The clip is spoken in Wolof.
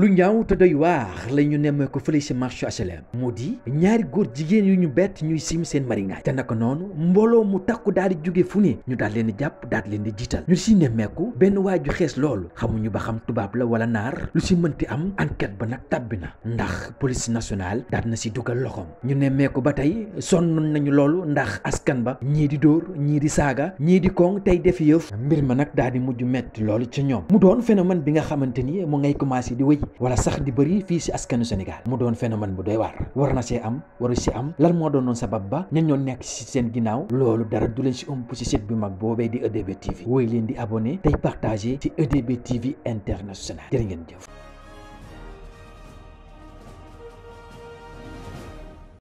lu ñaw te doy waar la ñu ko fële si marché HLM modi ñaari goor jigen yu ñu bett ñuy sim seen marinaay te nak nonu mbolo mu takku daal di jóge ñu daal leen di japp daal leen di jital ñu si ko ben waju xess lool xamu ñu ba xam tubab la wala nar. lu si mënti am enquête ba nak tabina polisi ndax police nationale daal na ci duggal loxom ñu nemmeeku ba tey sonnu nañu lool ndax askan ba ñi di dóor ñi di saga ñi di kong tay def yeuf mbir ma nak daal di metti lool ci ñom mu doon phénomène bi nga xamanteni mo ngay commencé di wala sax di bëri fii si askanu Sénégal mu doon phénomène bu dee waar war na see am waru si am lan moo doonoon sabab ba ñan ñoo nekk si seen ginnaaw loolu dara du leen si ëmp si site bi mag boobee di EDB TV wooy leen di abonné tey partagé ci EDB TV international jërë ngeen jëf